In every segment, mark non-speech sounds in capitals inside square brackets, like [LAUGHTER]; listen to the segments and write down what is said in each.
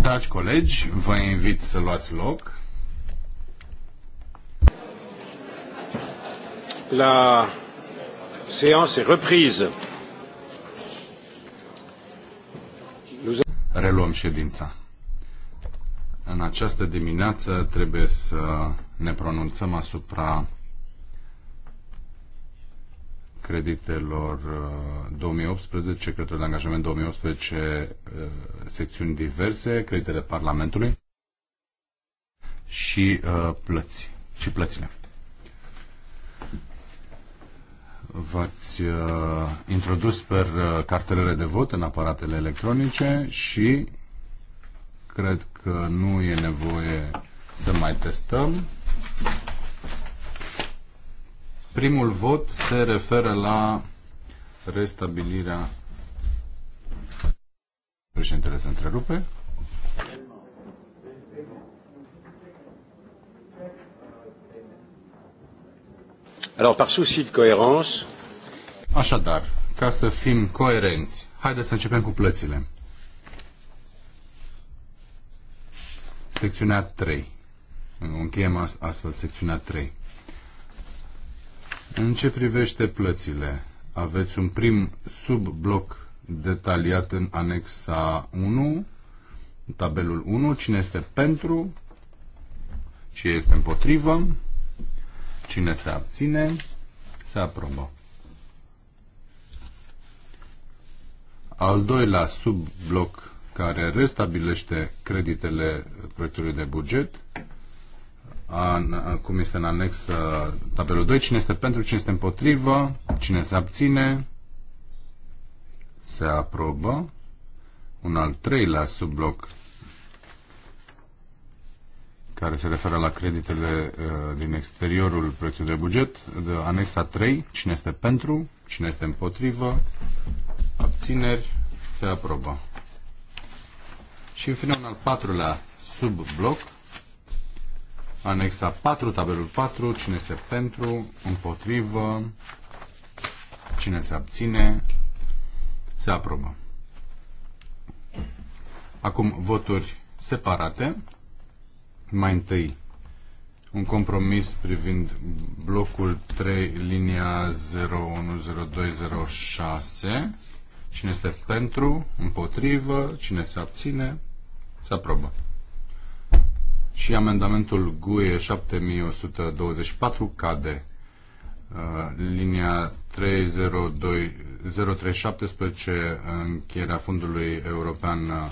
Dragi colegi, vă invit să luați loc. La séance est reprise. Reluăm ședința. În această dimineață trebuie să ne pronunțăm asupra creditelor 2018, uh, creditul de angajament 2018, uh, secțiuni diverse, creditele Parlamentului și uh, plăți și plățile. V-ați uh, introdus per uh, cartelele de vot în aparatele electronice și cred că nu e nevoie să mai testăm. Primul vot se referă la restabilirea. Președintele se întrerupe. Alors, par souci de cohérence... Așadar, ca să fim coerenți, haideți să începem cu plățile. Secțiunea 3. Încheiem astfel secțiunea 3. În ce privește plățile, aveți un prim subbloc detaliat în anexa 1, tabelul 1, cine este pentru, cine este împotrivă, cine se abține, se aprobă. Al doilea subbloc care restabilește creditele proiectului de buget cum este în anex tabelul 2, cine este pentru, cine este împotrivă, cine se abține, se aprobă. Un al treilea subbloc care se referă la creditele uh, din exteriorul proiectului de buget, de anexa 3, cine este pentru, cine este împotrivă, abțineri, se aprobă. Și în final, un al patrulea subbloc Anexa 4, tabelul 4, cine este pentru, împotrivă, cine se abține, se aprobă. Acum voturi separate. Mai întâi un compromis privind blocul 3, linia 010206. Cine este pentru, împotrivă, cine se abține, se aprobă și amendamentul GUE 7124 cade. Uh, linia 302, 0317, uh, încheierea Fondului European, uh,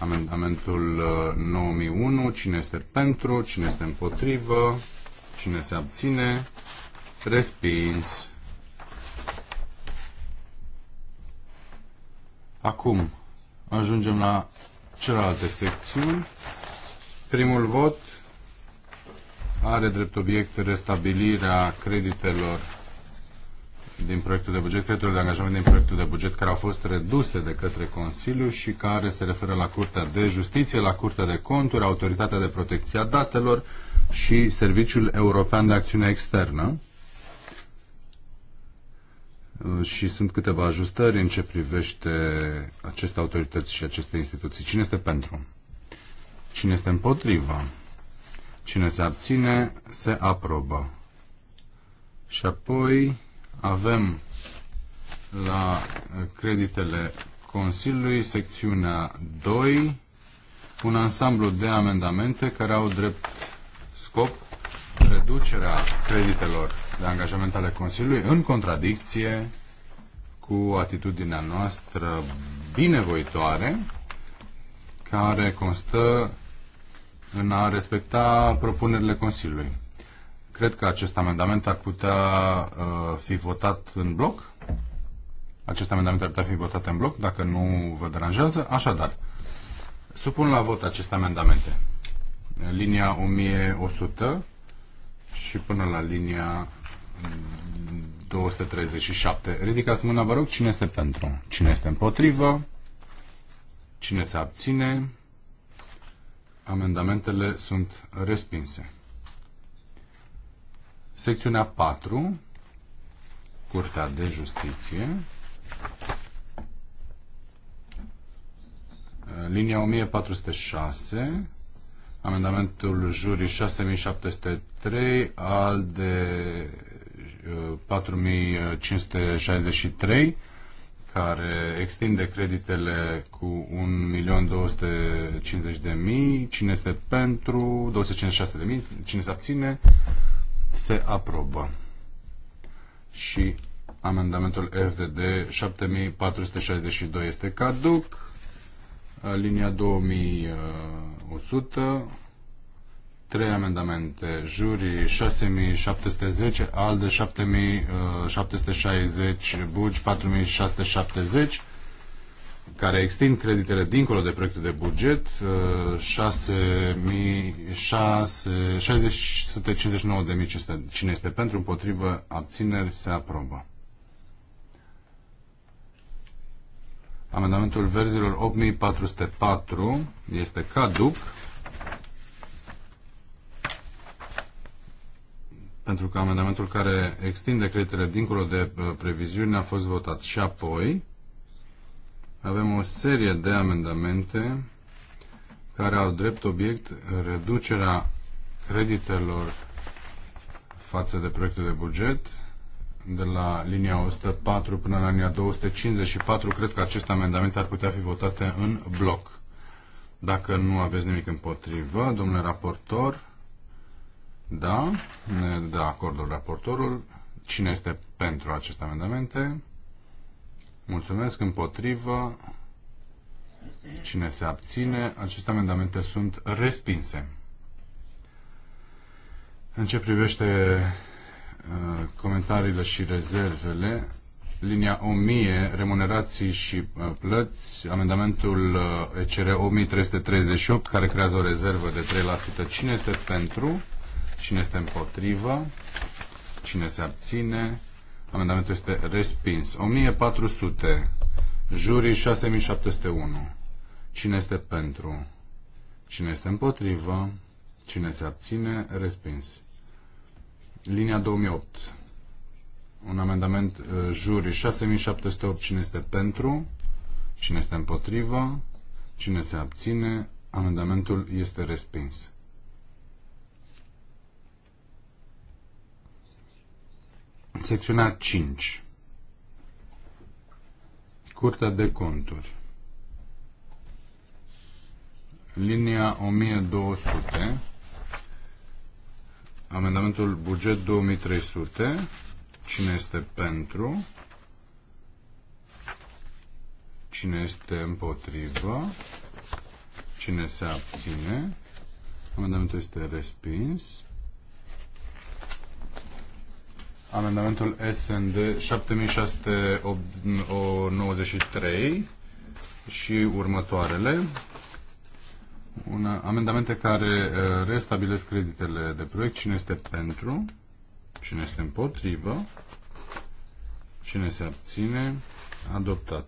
amendamentul 9001, cine este pentru, cine este împotrivă, cine se abține, respins. Acum ajungem la celelalte secțiuni. Primul vot are drept obiect restabilirea creditelor din proiectul de buget, creditelor de angajament din proiectul de buget care au fost reduse de către Consiliu și care se referă la Curtea de Justiție, la Curtea de Conturi, Autoritatea de Protecție a Datelor și Serviciul European de Acțiune Externă. Și sunt câteva ajustări în ce privește aceste autorități și aceste instituții. Cine este pentru? Cine este împotrivă? Cine se abține, se aprobă. Și apoi avem la creditele Consiliului, secțiunea 2, un ansamblu de amendamente care au drept scop reducerea creditelor de angajament ale Consiliului în contradicție cu atitudinea noastră binevoitoare, care constă în a respecta propunerile Consiliului. Cred că acest amendament ar putea uh, fi votat în bloc. Acest amendament ar putea fi votat în bloc, dacă nu vă deranjează. Așadar, supun la vot aceste amendamente. Linia 1100 și până la linia 237. Ridicați mâna, vă rog, cine este pentru, cine este împotrivă, cine se abține, Amendamentele sunt respinse. Secțiunea 4, Curtea de Justiție, linia 1406, amendamentul jurii 6703, al de 4563, uh, care extinde creditele cu 1.250.000, cine este pentru, 256.000, cine se abține, se aprobă. Și amendamentul FDD 7462 este caduc, linia 2100 Trei amendamente. Jurii 6710, ALDE 7760, uh, Bugi 4670 care extind creditele dincolo de proiectul de buget, 659.500. Uh, cine este pentru, împotrivă, abțineri, se aprobă. Amendamentul verzilor 8404 este caduc. pentru că amendamentul care extinde creditele dincolo de uh, previziuni a fost votat. Și apoi avem o serie de amendamente care au drept obiect reducerea creditelor față de proiectul de buget de la linia 104 până la linia 254. Cred că aceste amendamente ar putea fi votate în bloc. Dacă nu aveți nimic împotrivă, domnule raportor, da, ne dă acordul raportorul. Cine este pentru aceste amendamente? Mulțumesc. Împotrivă? Cine se abține? Aceste amendamente sunt respinse. În ce privește uh, comentariile și rezervele, linia 1000, remunerații și uh, plăți, amendamentul uh, ECR 1338, care creează o rezervă de 3%. Cine este pentru? Cine este împotrivă? Cine se abține? Amendamentul este respins. 1400. Jurii 6701. Cine este pentru? Cine este împotrivă? Cine se abține? Respins. Linia 2008. Un amendament uh, jurii 6708. Cine este pentru? Cine este împotrivă? Cine se abține? Amendamentul este respins. Secțiunea 5. Curtea de conturi. Linia 1200. Amendamentul buget 2300. Cine este pentru? Cine este împotrivă? Cine se abține? Amendamentul este respins amendamentul SND 7693 și următoarele. Un, amendamente care uh, restabilesc creditele de proiect. Cine este pentru? Cine este împotrivă? Cine se abține? Adoptat.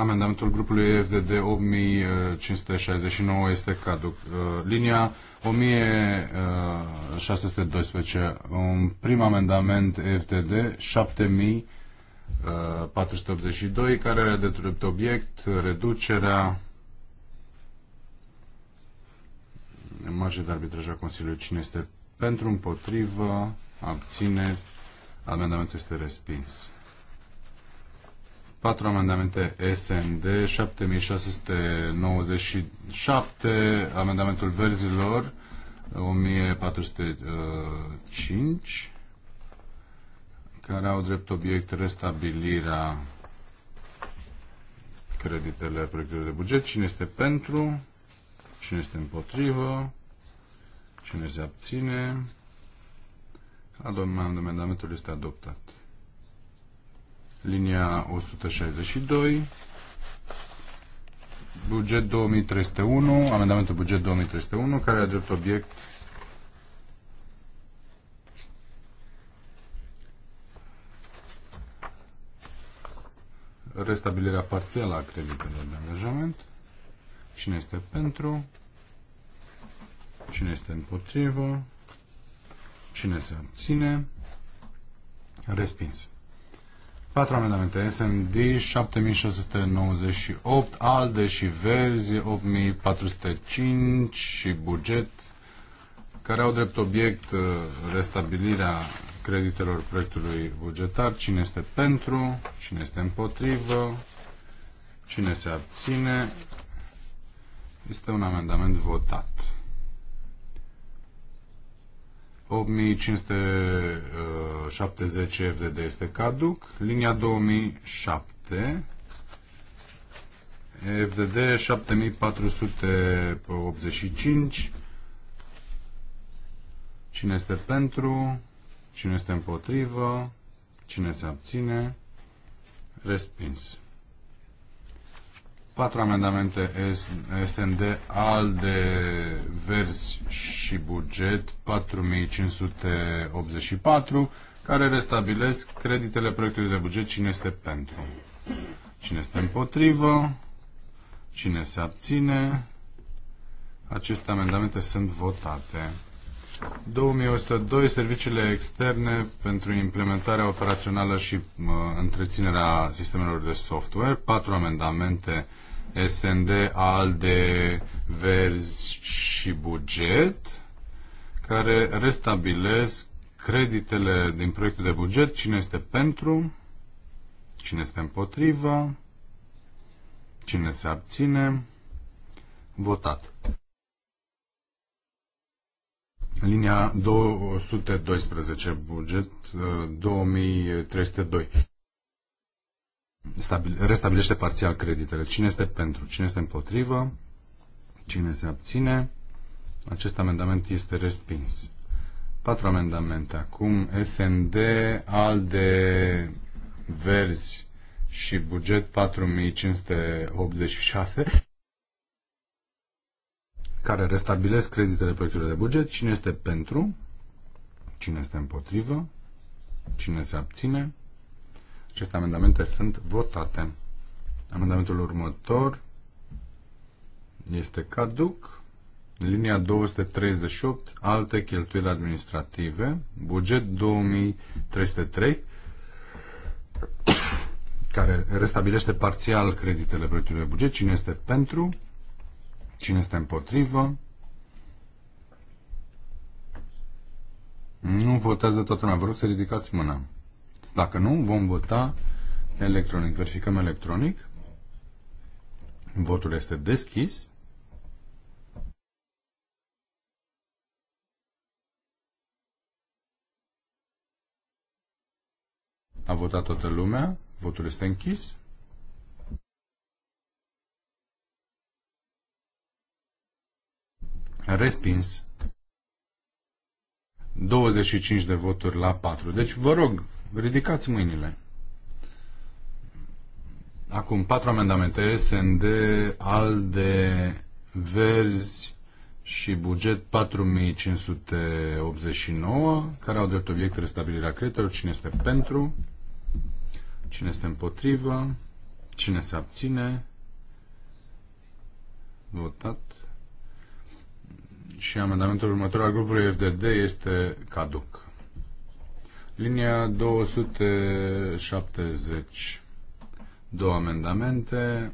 Amendamentul grupului FDD 8569 este caduc. Uh, linia 1612. Uh, un prim amendament FDD 7482 uh, care are de drept obiect reducerea marge de arbitraj a Consiliului. Cine este pentru, împotrivă, abține. Amendamentul este respins. Patru amendamente SND, 7697, amendamentul verzilor, 1405, care au drept obiect restabilirea creditele proiectului de buget. Cine este pentru? Cine este împotrivă? Cine se abține? Amendamentul este adoptat linia 162, buget 2301, amendamentul buget 2301, care are drept obiect restabilirea parțială a creditelor de angajament. Cine este pentru? Cine este împotrivă? Cine se abține? Respins. Patru amendamente. SND 7698, ALDE și Verzi 8405 și buget care au drept obiect uh, restabilirea creditelor proiectului bugetar. Cine este pentru? Cine este împotrivă? Cine se abține? Este un amendament votat. 8570 uh, FDD este caduc. Linia 2007 FDD 7485 Cine este pentru? Cine este împotrivă? Cine se abține? Respins patru amendamente SND, al de Verzi și Buget 4584, care restabilesc creditele proiectului de buget, cine este pentru, cine este împotrivă, cine se abține. Aceste amendamente sunt votate. 2102 serviciile externe pentru implementarea operațională și uh, întreținerea sistemelor de software, patru amendamente SND, ALDE, Verzi și Buget, care restabilesc creditele din proiectul de buget, cine este pentru, cine este împotrivă, cine se abține, votat. Linia 212, buget 2302. Uh, restabilește parțial creditele. Cine este pentru? Cine este împotrivă? Cine se abține? Acest amendament este respins. Patru amendamente acum. SND, ALDE, Verzi și buget 4586 care restabilesc creditele proiectului de buget. Cine este pentru? Cine este împotrivă? Cine se abține? Aceste amendamente sunt votate. Amendamentul următor este caduc. Linia 238, alte cheltuieli administrative, buget 2303, care restabilește parțial creditele proiectului de buget. Cine este pentru? Cine este împotrivă? Nu votează toată lumea. Vă rog să ridicați mâna. Dacă nu, vom vota electronic. Verificăm electronic. Votul este deschis. A votat toată lumea. Votul este închis. Respins. 25 de voturi la 4. Deci vă rog, Ridicați mâinile. Acum, patru amendamente, SND, ALDE, Verzi și buget 4589, care au drept obiect restabilirea creditelor. Cine este pentru? Cine este împotrivă? Cine se abține? Votat. Și amendamentul următor al grupului FDD este caduc. Linia 270. Două amendamente.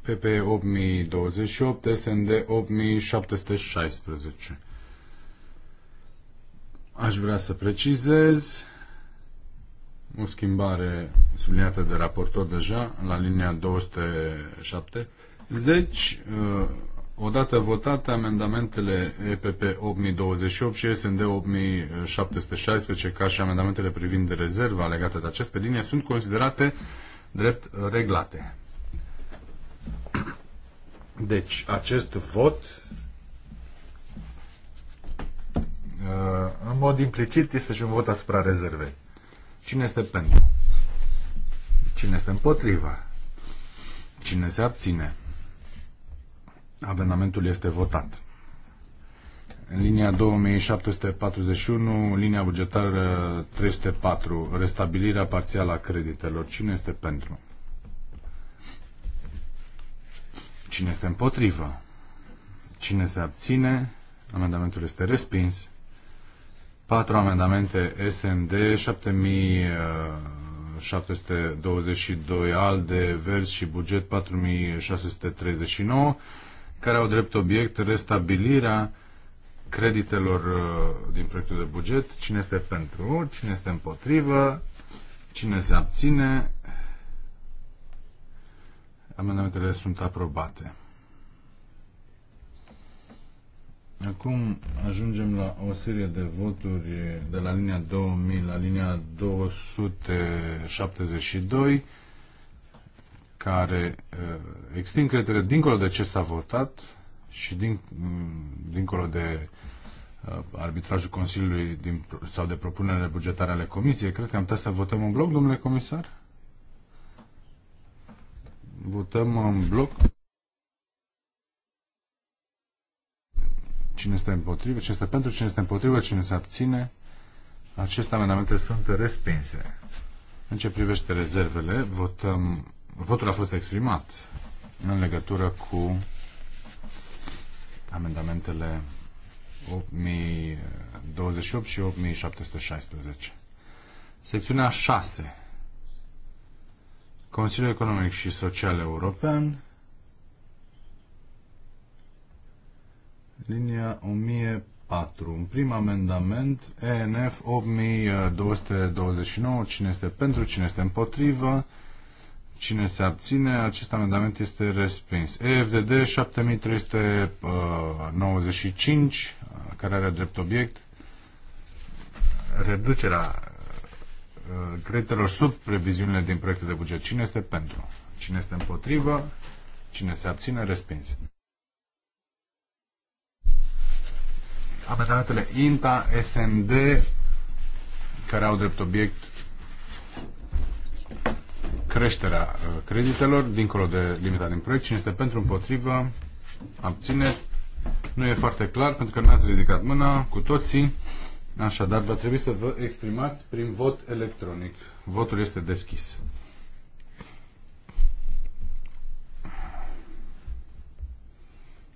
PP 8028, SND 8716. Aș vrea să precizez o schimbare subliniată de raportor deja la linia 270. Odată votate amendamentele EPP 8028 și SND 8716, ca și amendamentele privind rezerva legate de aceste linie, sunt considerate drept reglate. Deci, acest vot uh, în mod implicit este și un vot asupra rezervei. Cine este pentru? Cine este împotriva? Cine se abține? Amendamentul este votat. În linia 2741, linia bugetară 304, restabilirea parțială a creditelor. Cine este pentru? Cine este împotrivă? Cine se abține? Amendamentul este respins. Patru amendamente SND, 7722 al de vers și buget 4639 care au drept obiect restabilirea creditelor uh, din proiectul de buget, cine este pentru, cine este împotrivă, cine se abține. Amendamentele sunt aprobate. Acum ajungem la o serie de voturi de la linia 2000 la linia 272 care uh, extind credere dincolo de ce s-a votat și din, mm, dincolo de uh, arbitrajul Consiliului din, sau de propunerele bugetare ale Comisiei. Cred că am putea să votăm în bloc, domnule comisar? Votăm în bloc. Cine este împotrivă, cine este pentru, cine este împotrivă, cine se abține. Aceste amendamente sunt respinse. În ce privește rezervele, votăm votul a fost exprimat în legătură cu amendamentele 8028 și 8716. Secțiunea 6. Consiliul Economic și Social European. Linia 1004. Un prim amendament, ENF 8229. Cine este pentru, cine este împotrivă? Cine se abține? Acest amendament este respins. EFDD 7395, uh, uh, care are drept obiect reducerea uh, creditelor sub previziunile din proiectul de buget. Cine este pentru? Cine este împotrivă? Cine se abține? Respins. Amendamentele INTA, SND, care au drept obiect creșterea uh, creditelor, dincolo de limita din proiect. Cine este pentru, împotrivă, abține. Nu e foarte clar, pentru că n-ați ridicat mâna cu toții. Așadar, va trebui să vă exprimați prin vot electronic. Votul este deschis.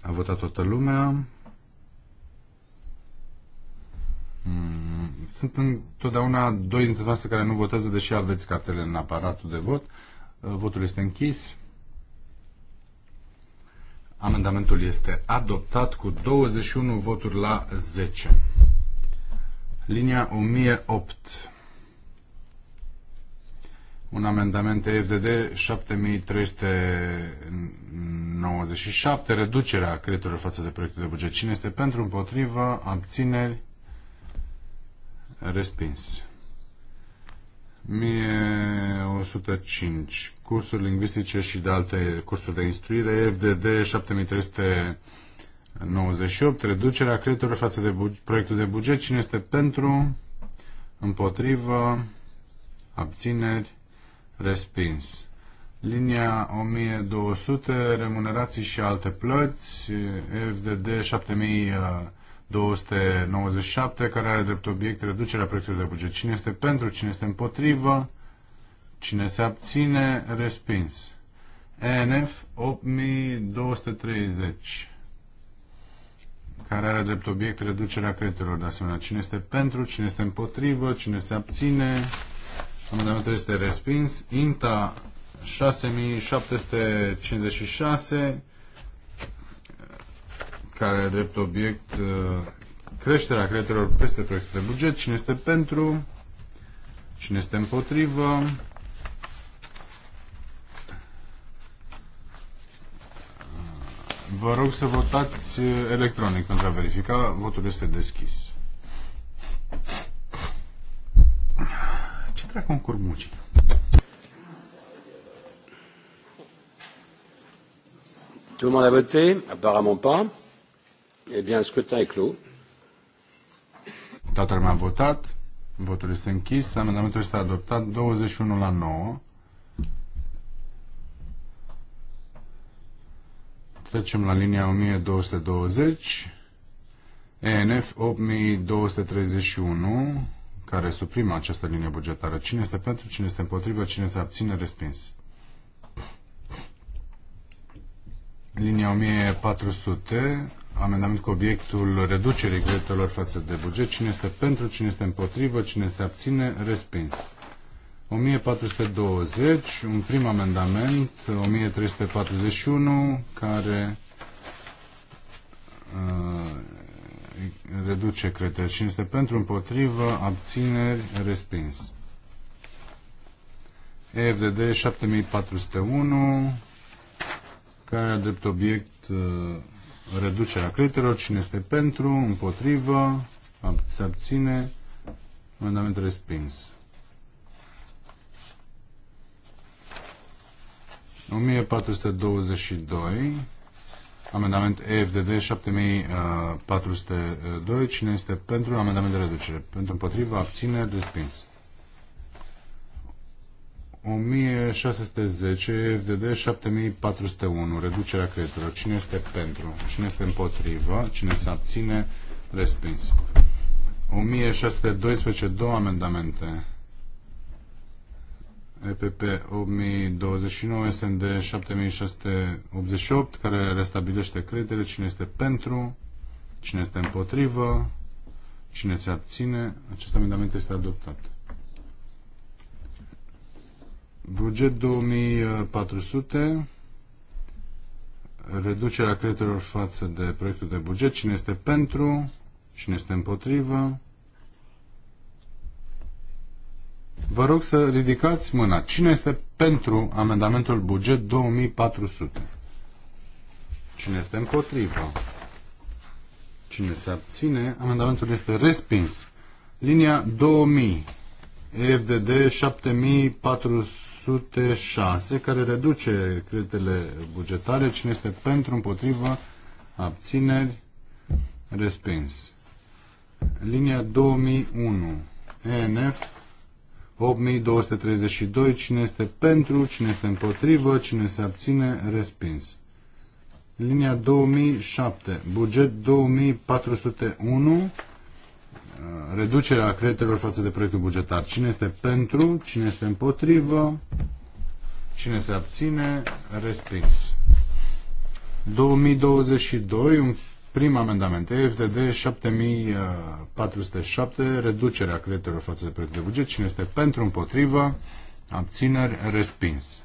A votat toată lumea. Mm, sunt întotdeauna doi dintre noastre care nu votează, deși aveți cartele în aparatul de vot. Uh, votul este închis. Amendamentul este adoptat cu 21 voturi la 10. Linia 1008. Un amendament FDD 7397, reducerea creditelor față de proiectul de buget. Cine este pentru, împotrivă, abțineri? Respins. 1105. Cursuri lingvistice și de alte cursuri de instruire. FDD 7398. Reducerea creditorilor față de proiectul de buget. Cine este pentru? Împotrivă? Abțineri? Respins. Linia 1200, remunerații și alte plăți, FDD 7000 297, care are drept obiect reducerea proiectului de buget. Cine este pentru, cine este împotrivă, cine se abține, respins. ENF 8230, care are drept obiect reducerea creditelor de asemenea. Cine este pentru, cine este împotrivă, cine se abține, amendamentul este respins. INTA 6756, care are drept obiect uh, creșterea creditelor peste proiectul de buget. Cine este pentru? Cine este împotrivă? Vă rog să votați electronic pentru a verifica. Votul este deschis. Ce dracu în curmucii? Tout le monde a voté Apparemment pas. Eh bien, scrutin est clos. Toată lumea a votat. Votul este închis. Amendamentul este adoptat 21 la 9. Trecem la linia 1220. ENF 8231 care suprimă această linie bugetară. Cine este pentru, cine este împotrivă, cine se abține, respins. Linia 1400 amendament cu obiectul reducerii creditelor față de buget. Cine este pentru, cine este împotrivă, cine se abține, respins. 1420, un prim amendament, 1341, care uh, reduce creditele. Cine este pentru, împotrivă, abțineri, respins. EFDD 7401, care are drept obiect uh, reducerea creditelor. Cine este pentru? Împotrivă? Se abține? Amendament respins. 1422. Amendament EFDD 7402. Cine este pentru amendament de reducere? Pentru împotrivă, abține, respins. 1610, FDD 7401, reducerea creditelor. Cine este pentru? Cine este împotrivă? Cine se abține? Respins. 1612, două amendamente. EPP 8029, SND 7688, care restabilește creditele. Cine este pentru? Cine este împotrivă? Cine se abține? Acest amendament este adoptat. Buget 2400, reducerea creditelor față de proiectul de buget, cine este pentru, cine este împotrivă. Vă rog să ridicați mâna. Cine este pentru amendamentul buget 2400? Cine este împotrivă? Cine se abține? Amendamentul este respins. Linia 2000, EFDD 7400. 206, care reduce creditele bugetare. Cine este pentru, împotrivă, abțineri, respins. Linia 2001, ENF 8232, cine este pentru, cine este împotrivă, cine se abține, respins. Linia 2007, buget 2401, Uh, reducerea creditelor față de proiectul bugetar. Cine este pentru, cine este împotrivă, cine se abține, respins. 2022, un prim amendament, EFDD 7407, reducerea creditelor față de proiectul de buget. Cine este pentru, împotrivă, abțineri, respins.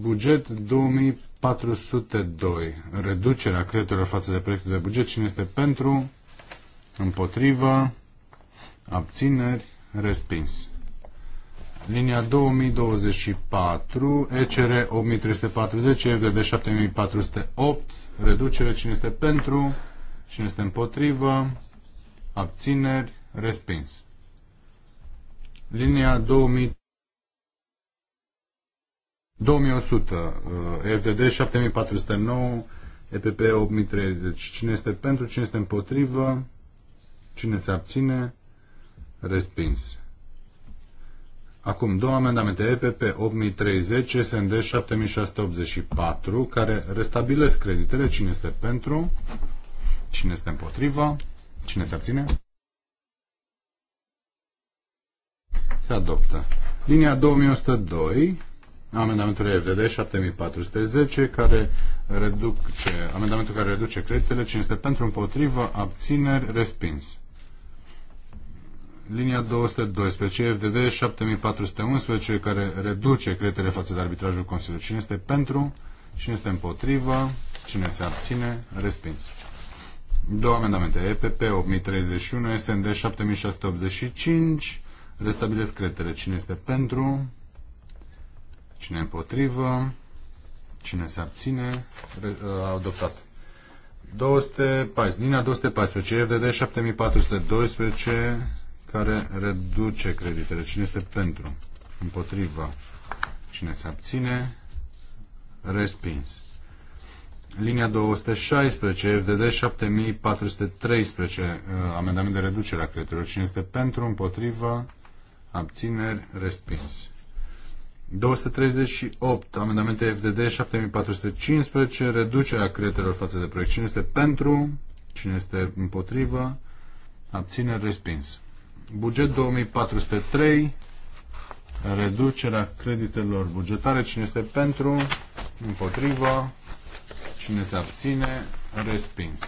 Buget 2402, reducerea creditelor față de proiectul de buget. Cine este pentru, împotrivă, abțineri, respins. Linia 2024, ECR 8340, FDD 7408, reducere, cine este pentru, cine este împotrivă, abțineri, respins. Linia 2100, FDD 7409, EPP 8030. Cine este pentru, cine este împotrivă, Cine se abține? Respins. Acum, două amendamente EPP 8030, SND 7684, care restabilesc creditele. Cine este pentru? Cine este împotriva? Cine se abține? Se adoptă. Linia 2102, amendamentul EVD 7410, care reduce, amendamentul care reduce creditele. Cine este pentru? împotrivă, Abțineri? Respins linia 212, FDD 7411, care reduce creditele față de arbitrajul Consiliului. Cine este pentru? Cine este împotrivă? Cine se abține? Respins. Două amendamente. EPP 8031, SND 7685. Restabilesc creditele. Cine este pentru? Cine împotrivă? Cine se abține? Re, uh, adoptat. 214, linia 214, FDD 7412, care reduce creditele. Cine este pentru? Împotriva? Cine se abține? Respins. Linia 216, FDD 7413, amendament de reducere a creditelor. Cine este pentru? Împotriva? Abțineri. Respins. 238, amendamente FDD 7415, reducerea creditelor față de proiect. Cine este pentru? Cine este împotrivă? Abțineri. Respins. Buget 2403, reducerea creditelor bugetare. Cine este pentru? Împotrivă? Cine se abține? Respins.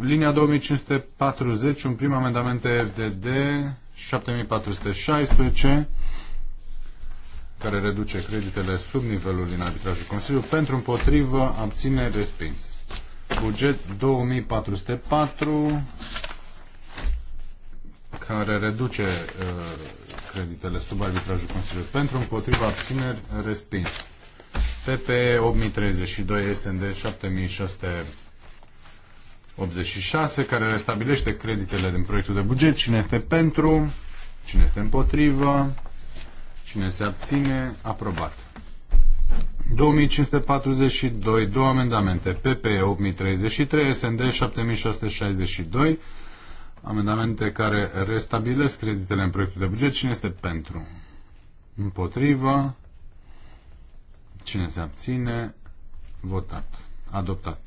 Linia 2540, un prim amendament FDD 7416, care reduce creditele sub nivelul din arbitrajul Consiliului, pentru împotrivă, abține, respins. Buget 2404, care reduce uh, creditele sub arbitrajul Consiliului. Pentru împotriva abțineri, respins. PPE 8032, SND 7686, care restabilește creditele din proiectul de buget. Cine este pentru? Cine este împotrivă? Cine se abține? Aprobat. 2542, două amendamente, PPE 8033, SND 7662, Amendamente care restabilesc creditele în proiectul de buget. Cine este pentru? Împotrivă. Cine se abține? Votat. Adoptat.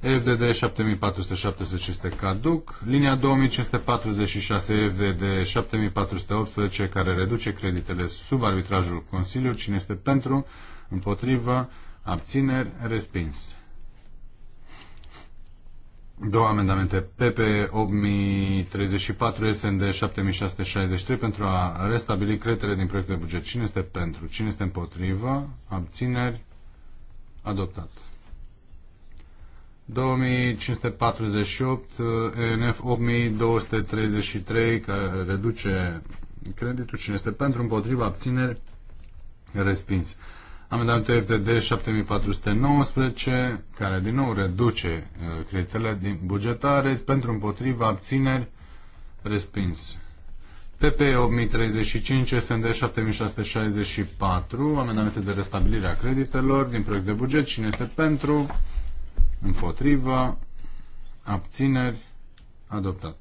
FDD 7417 este caduc. Linia 2546 FDD 7418 care reduce creditele sub arbitrajul Consiliului. Cine este pentru? Împotrivă? Abțineri? Respins. Două amendamente. PP 8034, SND 7663 pentru a restabili creditele din proiectul de buget. Cine este pentru? Cine este împotrivă? Abțineri? Adoptat. 2548, ENF 8233, care reduce creditul. Cine este pentru? Împotrivă? Abțineri? Respins. Amendamentul FDD 7419, care din nou reduce uh, creditele din bugetare pentru împotriva abțineri respins. PP 8035, SND 7664, amendamente de restabilire a creditelor din proiect de buget. Cine este pentru? Împotriva? Abțineri? Adoptat.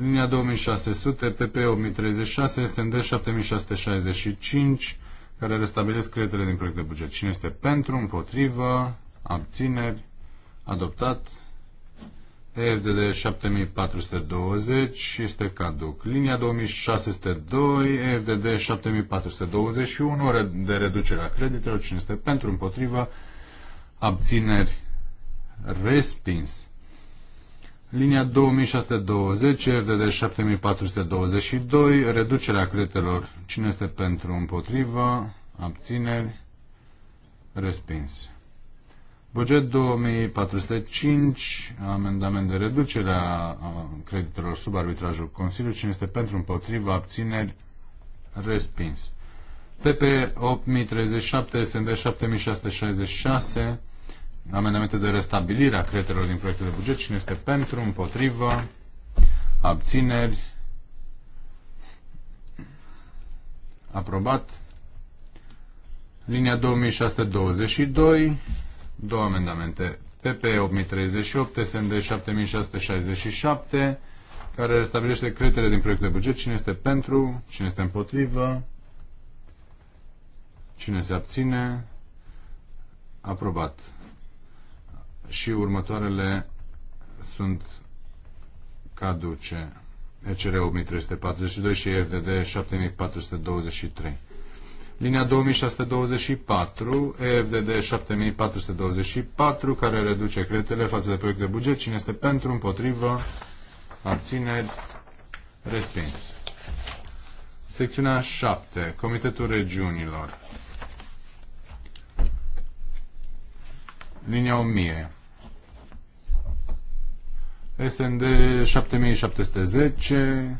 Linia 2600, PP 8036, SND 7665, care restabilesc creditele din proiect de buget. Cine este pentru, împotrivă, abțineri, adoptat. EFDD 7420 este caduc. Linia 2602, EFDD 7421 de reducere a creditelor. Cine este pentru, împotrivă, abțineri, respins. Linia 2620, RDD 7422, reducerea cretelor. Cine este pentru, împotrivă, abțineri, respins. Buget 2405, amendament de reducere a creditelor sub arbitrajul Consiliului. Cine este pentru, împotrivă, abțineri, respins. PP 8037, SND 7666, Amendamente de restabilire a creditelor din proiectul de buget. Cine este pentru, împotrivă, abțineri, aprobat. Linia 2622, două amendamente. PP 8038, SND 7667, care restabilește creditele din proiectul de buget. Cine este pentru, cine este împotrivă, cine se abține, aprobat și următoarele sunt caduce. ECR 8342 și FDD 7423. Linia 2624, EFDD 7424, care reduce creditele față de proiect de buget. Cine este pentru, împotrivă, abțineri, respins. Secțiunea 7, Comitetul Regiunilor. Linia 1000. SND 7710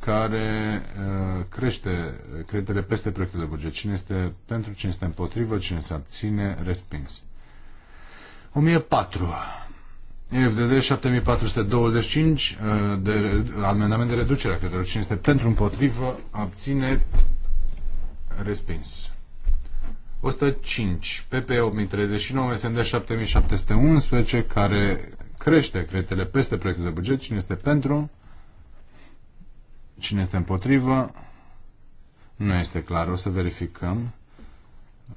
care uh, crește creditele peste proiectul de buget. Cine este pentru, cine este împotrivă, cine se abține, respins. 1004. FDD 7425 uh, de, amendament de reducere a creditelor. Cine este pentru, împotrivă, abține, respins. 105, PP 8039, SND 7711, care crește creditele peste proiectul de buget. Cine este pentru? Cine este împotrivă? Nu este clar. O să verificăm.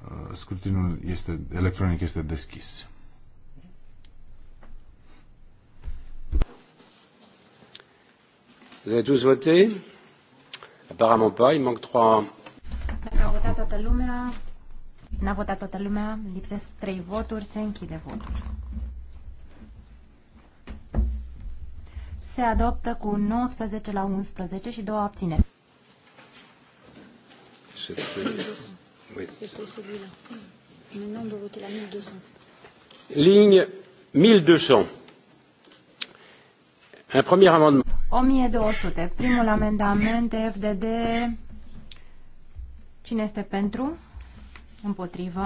Uh, scrutinul este, electronic este deschis. Vous avez tous voté Apparemment pas, il manque 3. Dacă a votat toată lumea, N-a votat toată lumea, lipsesc trei voturi, se închide votul. Se adoptă cu 19 la 11 și două abțineri. Ligne 1200. Un premier amendement. 1200. Primul amendament FDD. Cine este pentru? Împotrivă.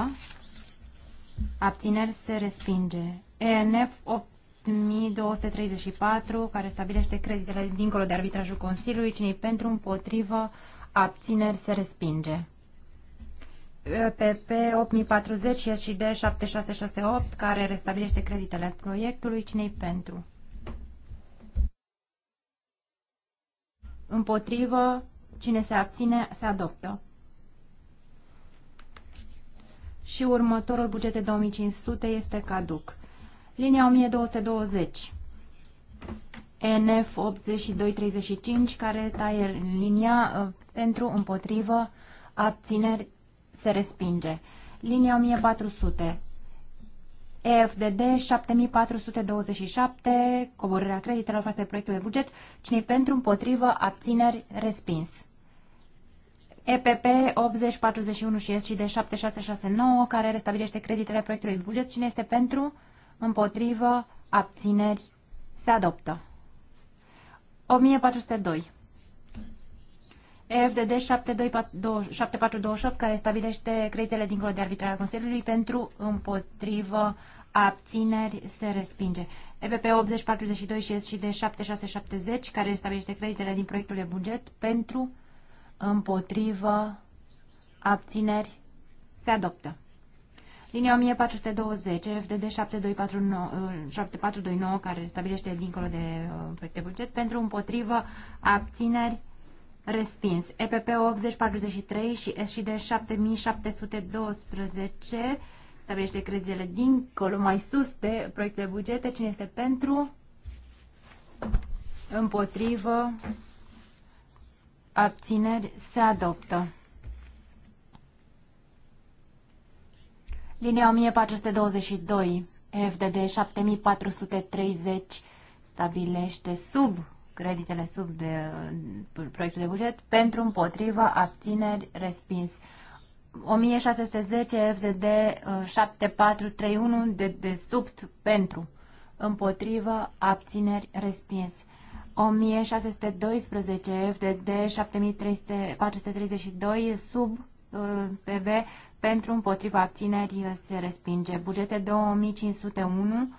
Abțineri se respinge. ENF 8234, care stabilește creditele dincolo de arbitrajul Consiliului. Cine pentru? Împotrivă. Abțineri se respinge. PP 8040 și 7668, care restabilește creditele proiectului. Cine pentru? Împotrivă. Cine se abține, se adoptă și următorul buget de 2500 este caduc. Linia 1220. NF 8235 care taie linia uh, pentru împotrivă abțineri se respinge. Linia 1400. EFDD 7427, coborârea creditelor față de proiectul de buget, cine pentru împotrivă abțineri respins. EPP 8041 și SCD 7669, care restabilește creditele proiectului de buget. Cine este pentru? Împotrivă? Abțineri? Se adoptă. 1402. EFDD 7428, care stabilește creditele dincolo de arbitrarea Consiliului pentru împotrivă abțineri se respinge. EPP 8042 și SCD 7670, care stabilește creditele din proiectul de buget pentru împotrivă, abțineri, se adoptă. Linia 1420, FDD 7249, care stabilește dincolo de uh, proiecte buget, pentru împotrivă, abțineri, respins. EPP 8043 și SCD 7712 stabilește creditele dincolo, mai sus de proiectele bugete. Cine este pentru? Împotrivă, abțineri, se adoptă. Linia 1422, FDD 7430, stabilește sub creditele sub de, uh, proiectul de buget, pentru împotriva, abțineri, respins. 1610 FDD 7431 de, de sub pentru împotrivă, abțineri, respins. 1612, FDD 7432, sub uh, PV pentru împotriva abțineri uh, se respinge. Bugete 2501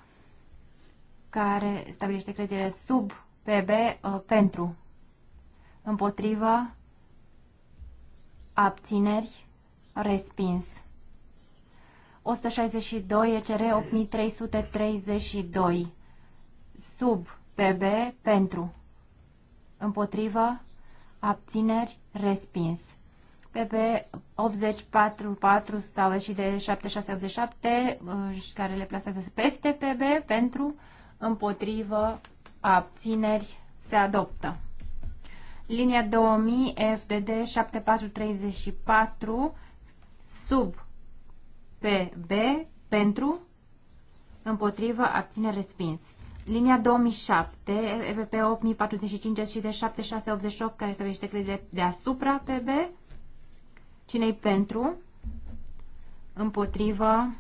care stabilește credere sub PB uh, pentru împotriva abțineri respins. 162 ECR 8332 sub PB pentru. Împotrivă. Abțineri. Respins. PB 844 sau și de 7687 uh, care le plasează peste PB pentru împotrivă abțineri se adoptă. Linia 2000 FDD 7434 sub PB pentru împotrivă abține respins. Linia 2007, EVP 8045 și de 7688, care se vește de deasupra PB. Cine-i pentru? Împotrivă?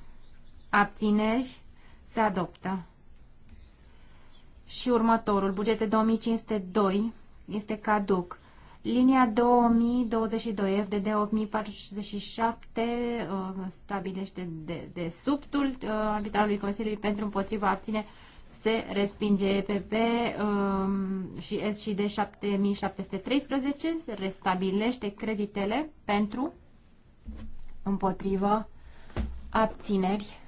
Abțineri? Se adoptă. Și următorul, bugete 2502, este caduc. Linia 2022, FDD 8047, stabilește de, de subtul uh, arbitralului Consiliului pentru împotriva abțineri se respinge EPP um, și S și D 7713, se restabilește creditele pentru, împotrivă, abțineri,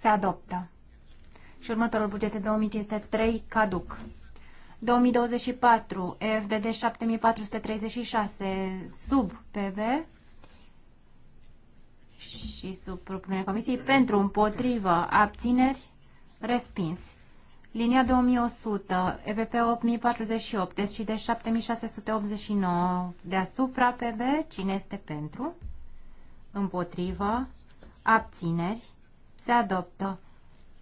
se adoptă. Și următorul buget de 2503 caduc. 2024, de 7436, sub PV și sub propunerea Comisiei, pentru, împotrivă, abțineri, respins. Linia 2100, EPP 8048, deci de 7689 deasupra PB, cine este pentru? Împotrivă, abțineri, se adoptă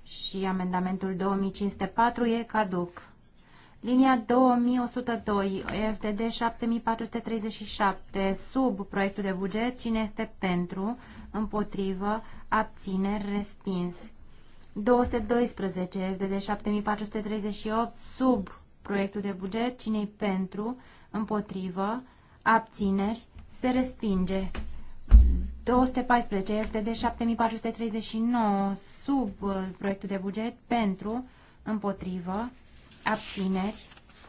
și amendamentul 2504 e caduc. Linia 2102, FDD 7437, sub proiectul de buget, cine este pentru, împotrivă, abțineri, respins. 212, de 7438, sub proiectul de buget, cine pentru, împotrivă, abțineri, se respinge. 214, FDD 7439, sub uh, proiectul de buget, pentru, împotrivă, abțineri,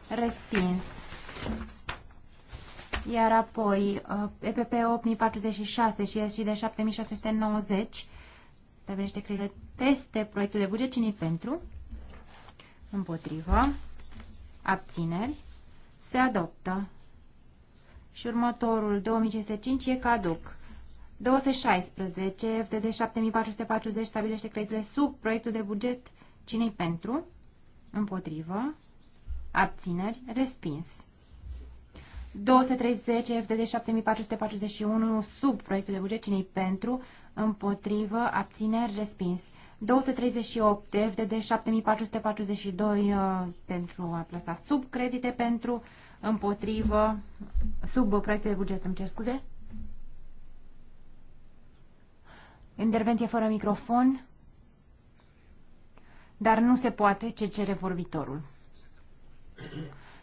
respins. Iar apoi, uh, EPP 8046 și SG de 7690, stabilește, cred că, peste proiectul de buget. Cine pentru? Împotrivă. Abțineri. Se adoptă. Și următorul, 2005, e caduc. 216, FDD 7440, stabilește creditele sub proiectul de buget. cine pentru? Împotrivă. Abțineri. Respins. 230, FDD 7441, sub proiectul de buget. cine pentru? împotrivă, abțineri, respins. 238 de 7442 uh, pentru a plasa sub credite pentru împotrivă sub proiectul de buget, îmi cer scuze. Intervenție fără microfon, dar nu se poate ce cere vorbitorul.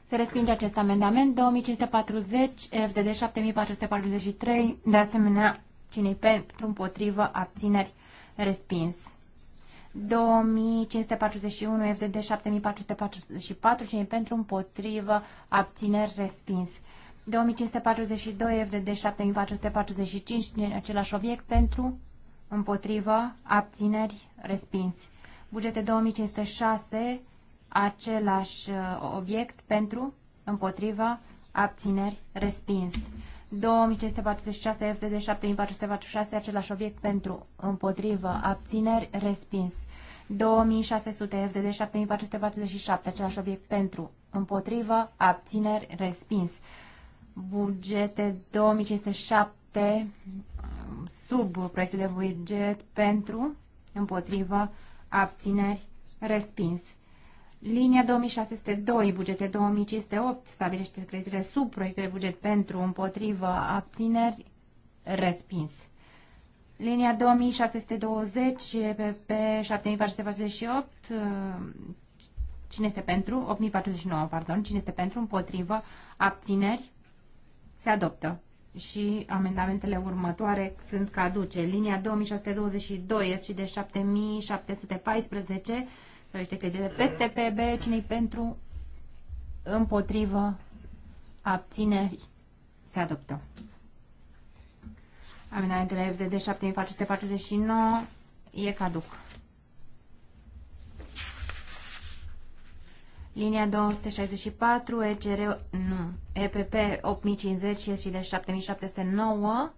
Se respinge acest amendament. 2540 FDD 7443 de asemenea cine pentru, împotrivă, abțineri, respins. 2541, FDD 7444, cine pentru, împotrivă, abțineri, respins. 2542, FDD 7445, din același obiect, pentru, împotrivă, abțineri, respins. Bugete 2506, același uh, obiect, pentru, împotrivă, abțineri, respins. 2546, FTD 7446, același obiect pentru, împotrivă, abțineri, respins. 2600, FTD 7447, același obiect pentru, împotrivă, abțineri, respins. Bugete 2507, sub proiectul de buget, pentru, împotrivă, abțineri, respins. Linia 2602, bugete 2508, stabilește creditele sub proiectul de buget pentru, împotrivă, abțineri, respins. Linia 2620, PP 7448, cine este pentru? 8049, pardon, cine este pentru, împotrivă, abțineri, se adoptă. Și amendamentele următoare sunt caduce. Linia 2622 și de 7714, de credință peste PB. cine pentru? Împotrivă. Abțineri. Se adoptă. Amendamentele FDD 7449 e caduc. Linia 264, ECR, nu, EPP 8050 și de 7709.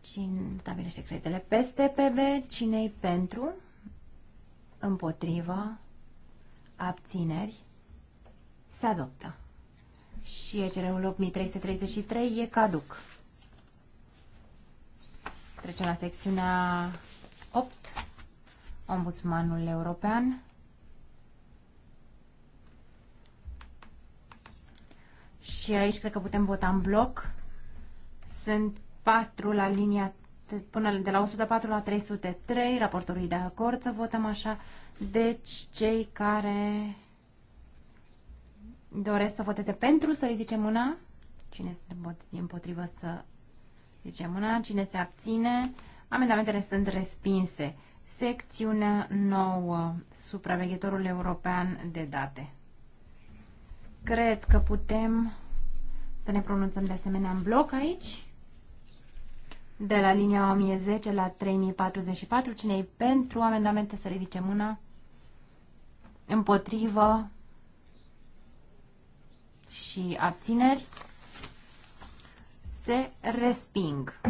Cine stabilește creditele peste PB? Cine-i pentru? împotrivă, abțineri, se adoptă. Și ECR-ul 8333 e caduc. Trecem la secțiunea 8, Ombudsmanul European. Și aici cred că putem vota în bloc. Sunt 4 la linia până de la 104 la 303, raportorului de acord să votăm așa. Deci, cei care doresc să voteze pentru, să ridice mâna. Cine este împotrivă să ridice mâna. Cine se abține. Amendamentele sunt respinse. Secțiunea 9. Supraveghetorul european de date. Cred că putem să ne pronunțăm de asemenea în bloc aici de la linia 1010 la 3044. cine e pentru amendamente să ridice mâna? Împotrivă și abțineri se resping.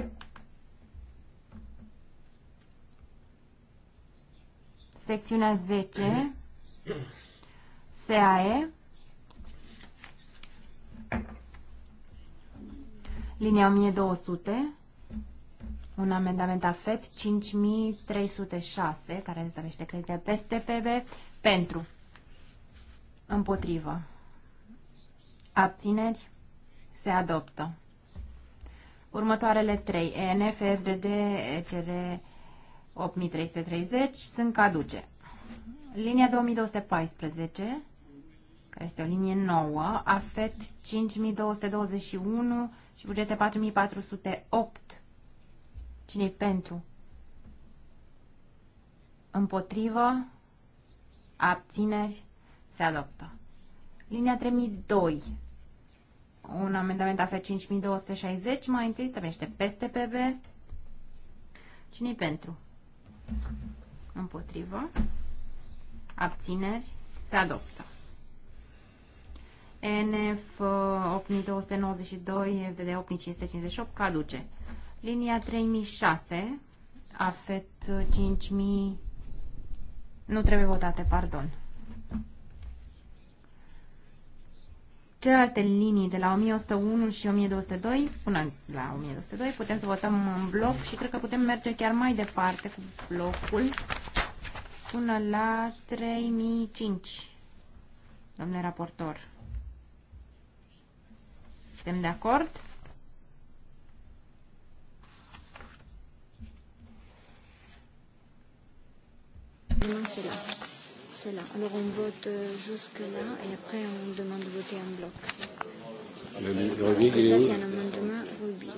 Secțiunea 10 SAE linia 1200 un amendament afet 5306 care dorește credite peste PB pentru împotrivă abțineri se adoptă următoarele 3 ENF, FDD, ECR 8330 sunt caduce linia 2214 care este o linie nouă afet 5221 și bugete 4408 Cine-i pentru? Împotrivă? Abțineri? Se adoptă. Linia 3002. Un amendament AF 5260. Mai întâi stabilește peste PB. Cine-i pentru? Împotrivă? Abțineri? Se adoptă. NF 8292, FDD 8558 caduce. Linia 3006, AFET 5000, uh, nu trebuie votate, pardon. Celelalte linii de la 1101 și 1202 până la 1202 putem să votăm în bloc și cred că putem merge chiar mai departe cu blocul până la 3005, domnule raportor. Suntem de acord? Non, c'est là. C'est là. Alors on vote euh, jusque-là et après on demande de voter en bloc. Le, le Rubik, il est où c'est un amendement Rubik.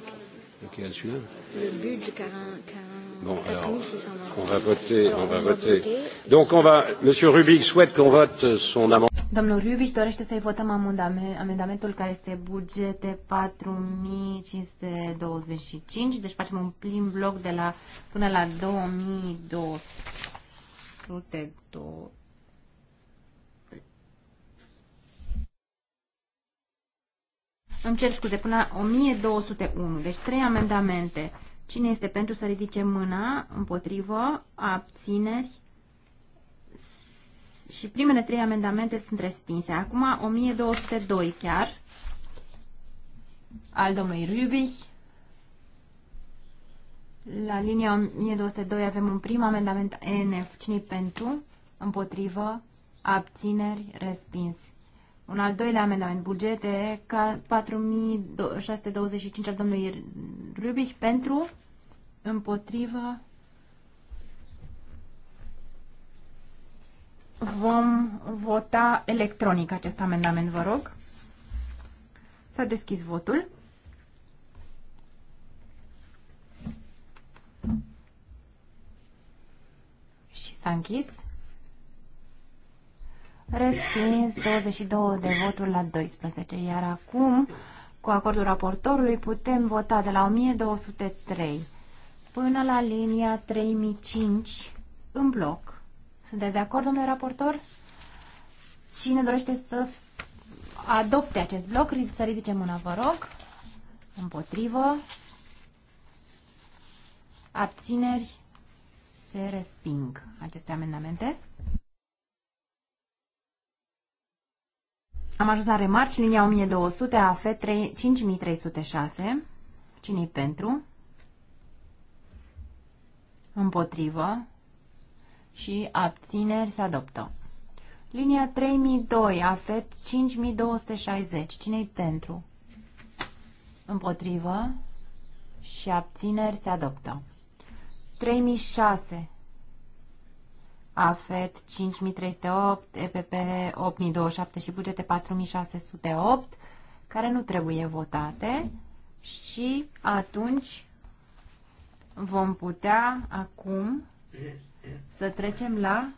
Lequel, celui-là Le budget 40. 40 Bon, alors, on va voter, alors, on va va voter. Donc, on va, Monsieur Rubik souhaite qu'on vote son amendement. Domnul Rubic dorește să-i votăm amendamentul care este bugete 4525, deci facem un plin bloc de la, până la 2200. 402 Îmi cer scuze, până 1201. Deci trei amendamente. Cine este pentru să ridice mâna? Împotrivă? Abțineri? Și primele trei amendamente sunt respinse. Acum 1202 chiar al domnului Rubich la linia 1202 avem un prim amendament ENF. cine pentru? Împotrivă? Abțineri? Respins. Un al doilea amendament, bugete, ca 4625 al domnului Rubich pentru, împotrivă, vom vota electronic acest amendament, vă rog. S-a deschis votul. S-a închis. Respins 22 de voturi la 12. Iar acum, cu acordul raportorului, putem vota de la 1203 până la linia 3005 în bloc. Sunteți de acord, domnule raportor? Cine dorește să adopte acest bloc, să ridice mâna, vă rog. Împotrivă. Abțineri se resping aceste amendamente. Am ajuns la remarci, linia 1200, AF 5306. Cine-i pentru? Împotrivă. Și abțineri se adoptă. Linia 3002, AF 5260. Cine-i pentru? Împotrivă. Și abțineri se adoptă. 3006. AFET 5308, EPP 8027 și bugete 4608, care nu trebuie votate și atunci vom putea acum să trecem la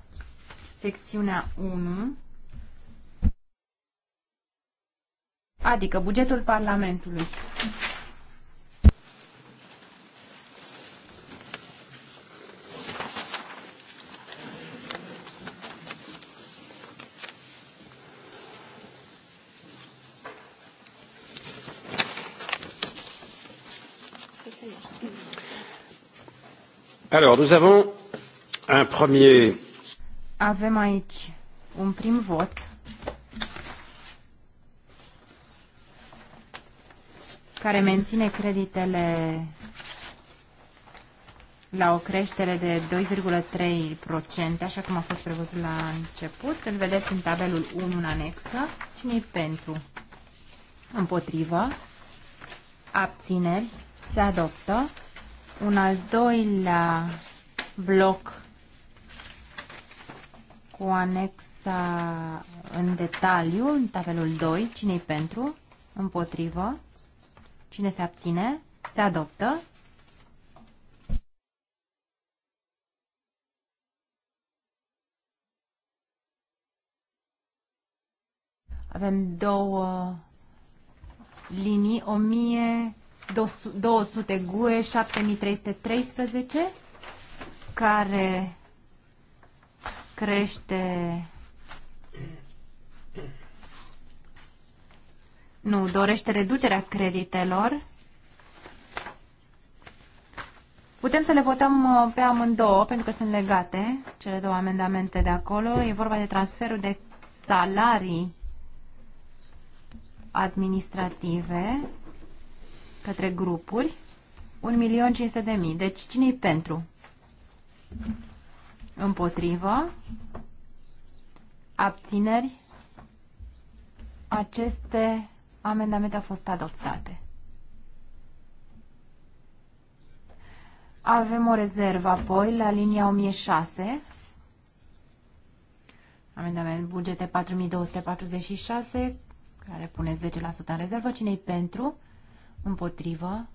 secțiunea 1, adică bugetul Parlamentului. Alors, nous avons un premier... Avem aici un prim vot care menține creditele la o creștere de 2,3%, așa cum a fost prevăzut la început. Îl vedeți în tabelul 1 în anexă. cine pentru? Împotrivă. Abțineri. Se adoptă un al doilea bloc cu anexa în detaliu, în tabelul 2, cine-i pentru, împotrivă, cine se abține, se adoptă. Avem două linii, 1000 200 GUE 7313 care crește nu, dorește reducerea creditelor Putem să le votăm uh, pe amândouă, pentru că sunt legate cele două amendamente de acolo. E vorba de transferul de salarii administrative către grupuri, 1.500.000. Deci cine-i pentru? Împotrivă. Abțineri. Aceste amendamente au fost adoptate. Avem o rezervă apoi la linia 1006. Amendament bugete 4246, care pune 10% în rezervă. Cine-i pentru? împotrivă,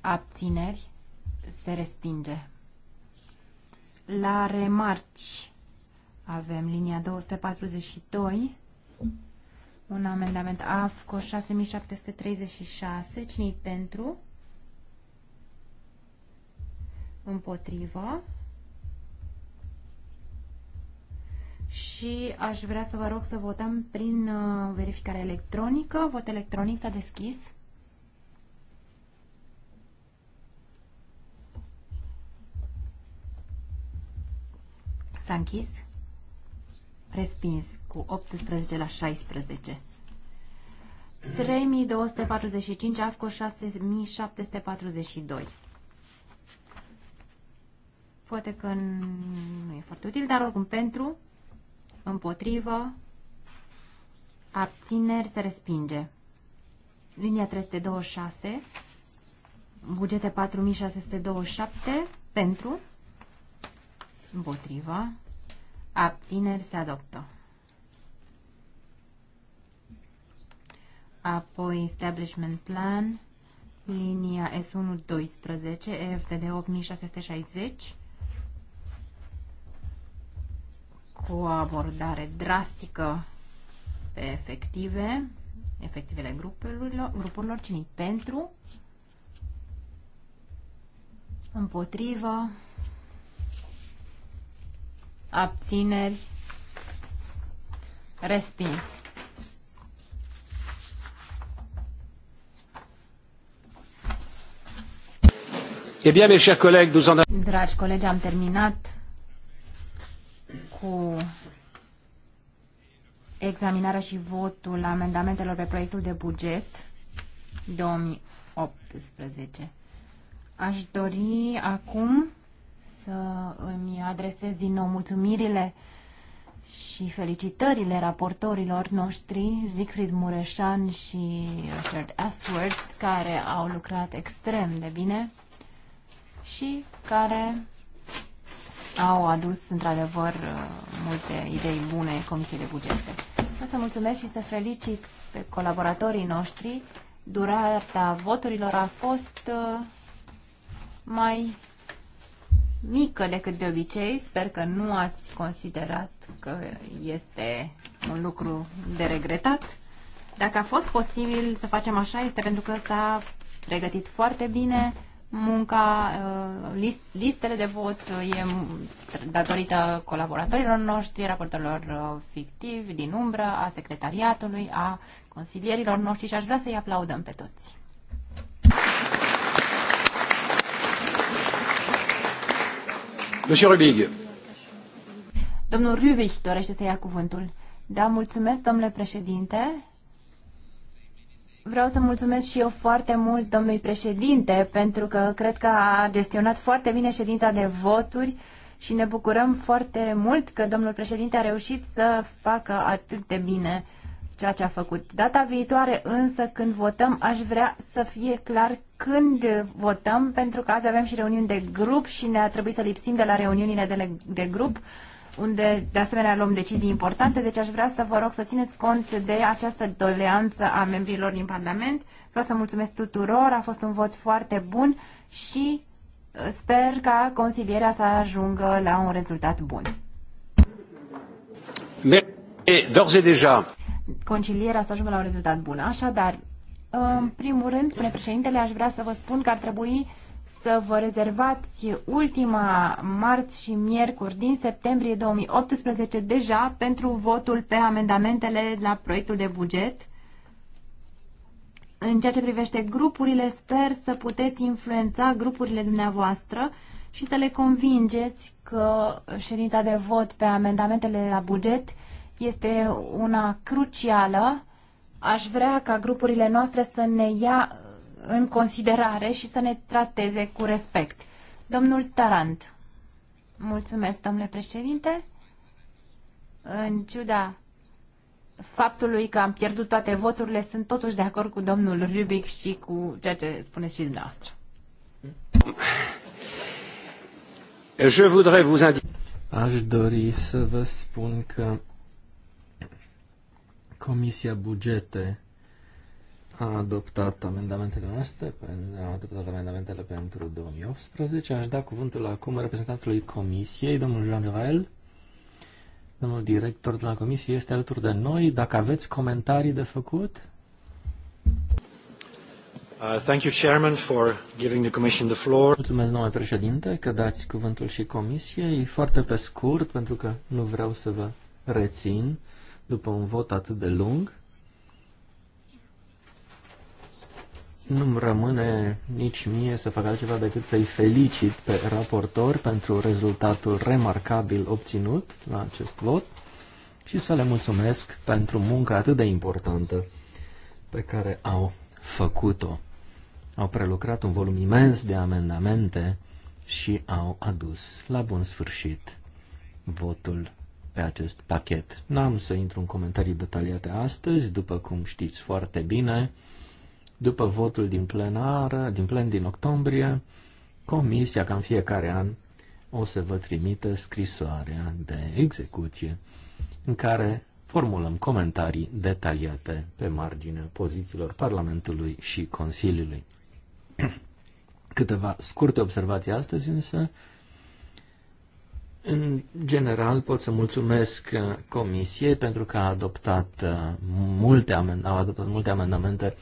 abțineri, se respinge. La remarci avem linia 242, un amendament AFCO 6736, cine pentru? Împotrivă. Și aș vrea să vă rog să votăm prin uh, verificare electronică. Vot electronic s-a deschis. S-a închis. Respins cu 18 la 16. 3245, AFCO 6742. Poate că nu e foarte util, dar oricum pentru, împotrivă, abțineri se respinge. Linia 326, bugete 4627, pentru, Împotrivă. Abțineri se adoptă. Apoi Establishment Plan, linia S1-12, EFDD 8660, cu o abordare drastică pe efective, efectivele grupurilor, grupurilor cine pentru, împotrivă, abțineri, respins. Eh bien, mes chers collègues, nous en Dragi colegi, am terminat cu examinarea și votul amendamentelor pe proiectul de buget 2018. Aș dori acum să îmi adresez din nou mulțumirile și felicitările raportorilor noștri, Siegfried Mureșan și Richard Ashworth, care au lucrat extrem de bine și care au adus, într-adevăr, multe idei bune Comisiei de Bugete. O să mulțumesc și să felicit pe colaboratorii noștri. Durata voturilor a fost uh, mai mică decât de obicei. Sper că nu ați considerat că este un lucru de regretat. Dacă a fost posibil să facem așa, este pentru că s-a pregătit foarte bine munca, uh, listele de vot uh, e datorită colaboratorilor noștri, raportorilor uh, fictivi din umbră, a secretariatului, a consilierilor noștri și aș vrea să-i aplaudăm pe toți. Monsieur Rubig. Domnul Rubic dorește să ia cuvântul. Da, mulțumesc, domnule președinte. Vreau să mulțumesc și eu foarte mult domnului președinte, pentru că cred că a gestionat foarte bine ședința de voturi și ne bucurăm foarte mult că domnul președinte a reușit să facă atât de bine ceea ce a făcut. Data viitoare însă când votăm aș vrea să fie clar când votăm pentru că azi avem și reuniuni de grup și ne-a trebuit să lipsim de la reuniunile de, de grup unde de asemenea luăm decizii importante, deci aș vrea să vă rog să țineți cont de această doleanță a membrilor din Parlament. Vreau să mulțumesc tuturor, a fost un vot foarte bun și uh, sper ca consilierea să ajungă la un rezultat bun. Eh, d'ores et déjà concilierea să ajungă la un rezultat bun. Așadar, în primul rând, spune președintele, aș vrea să vă spun că ar trebui să vă rezervați ultima marți și miercuri din septembrie 2018 deja pentru votul pe amendamentele la proiectul de buget. În ceea ce privește grupurile, sper să puteți influența grupurile dumneavoastră și să le convingeți că ședința de vot pe amendamentele la buget este una crucială. Aș vrea ca grupurile noastre să ne ia în considerare și să ne trateze cu respect. Domnul Tarant. Mulțumesc, domnule președinte. În ciuda faptului că am pierdut toate voturile, sunt totuși de acord cu domnul Rubic și cu ceea ce spuneți și dumneavoastră. Je voudrais vous indiquer. Aș dori să vă spun că Comisia Bugete a adoptat amendamentele noastre, a adoptat amendamentele pentru 2018. Aș da cuvântul acum reprezentantului Comisiei, domnul Jean Noël. Domnul director de la Comisie este alături de noi. Dacă aveți comentarii de făcut? Uh, thank you, Chairman, for giving the Commission the floor. Mulțumesc, domnule președinte, că dați cuvântul și Comisiei. Foarte pe scurt, pentru că nu vreau să vă rețin după un vot atât de lung, nu-mi rămâne nici mie să fac altceva decât să-i felicit pe raportor pentru rezultatul remarcabil obținut la acest vot și să le mulțumesc pentru munca atât de importantă pe care au făcut-o. Au prelucrat un volum imens de amendamente și au adus la bun sfârșit votul pe acest pachet. N-am să intru în comentarii detaliate astăzi, după cum știți foarte bine. După votul din plenară, din plen din octombrie, comisia, ca în fiecare an, o să vă trimită scrisoarea de execuție în care formulăm comentarii detaliate pe marginea pozițiilor Parlamentului și Consiliului. [CLEARS THROAT] Câteva scurte observații astăzi, însă, în general pot să mulțumesc uh, Comisiei pentru că a adoptat uh, multe, au adoptat multe amendamente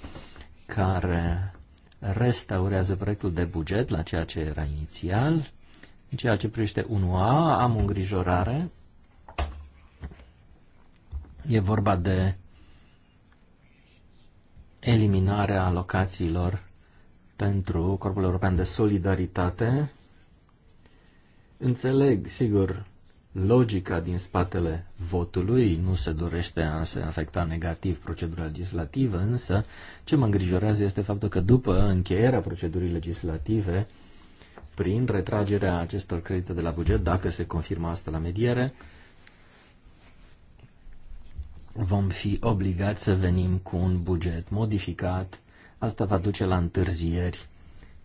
care restaurează proiectul de buget la ceea ce era inițial. În ceea ce privește 1A, am o îngrijorare. E vorba de eliminarea alocațiilor pentru Corpul European de Solidaritate Înțeleg, sigur, logica din spatele votului, nu se dorește a se afecta negativ procedura legislativă, însă ce mă îngrijorează este faptul că după încheierea procedurii legislative, prin retragerea acestor credite de la buget, dacă se confirmă asta la mediere, vom fi obligați să venim cu un buget modificat. Asta va duce la întârzieri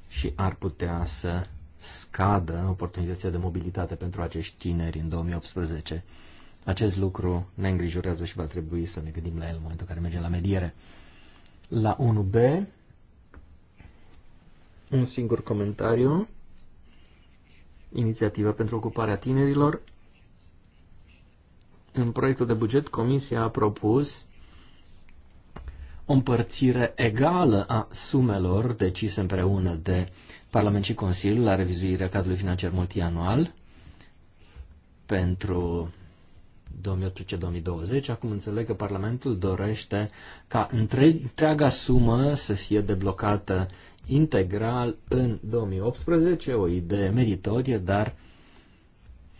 și ar putea să scadă oportunitățile de mobilitate pentru acești tineri în 2018. Acest lucru ne îngrijorează și va trebui să ne gândim la el în momentul în care mergem la mediere. La 1B, un singur comentariu. Inițiativa pentru ocuparea tinerilor. În proiectul de buget, Comisia a propus o împărțire egală a sumelor decise împreună de Parlament și Consiliu la revizuirea cadrului financiar multianual pentru 2018-2020. Acum înțeleg că Parlamentul dorește ca întreaga sumă să fie deblocată integral în 2018, o idee meritorie, dar